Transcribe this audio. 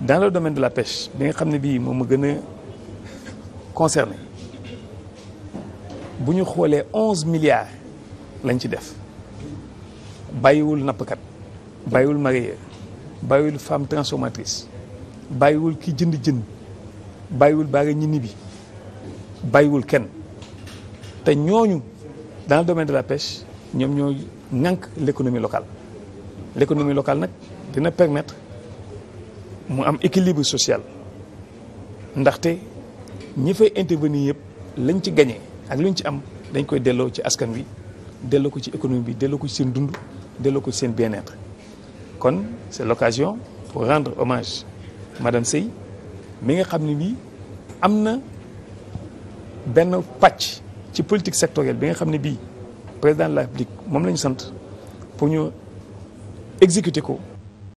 dans le domaine de la pêche bi nga xam ne bii moom ma gën a concerné bu ñu xoolee onze milliards lañ ci def bàyyiwul nappkat bàyyiwul mareyeur bàyyiwul femme transformatrice bàyyiwul ki jënd jën bàyyiwul baara ñini bi bàyyiwul kenn te ñooñu dans le domaine de la pêche ñoom ñoo ñànk l' local locale l' nag dina permettre mu am équilibre social ndaxte ñi fay intervenir yëpp lañ ci gañe ak luñ ci am dañ koy delloo ci askan wi delloo ko ci économie bi delloo ko ci seen dund delloo ko ci seen bien kon c'est l'occasion pour rendre hommage madame Sey mi nga xam ne bii am na benn pàcc ci politique sectorielle bi nga xam ne bii président de la République moom lañu sant pour ñu exécuter ko.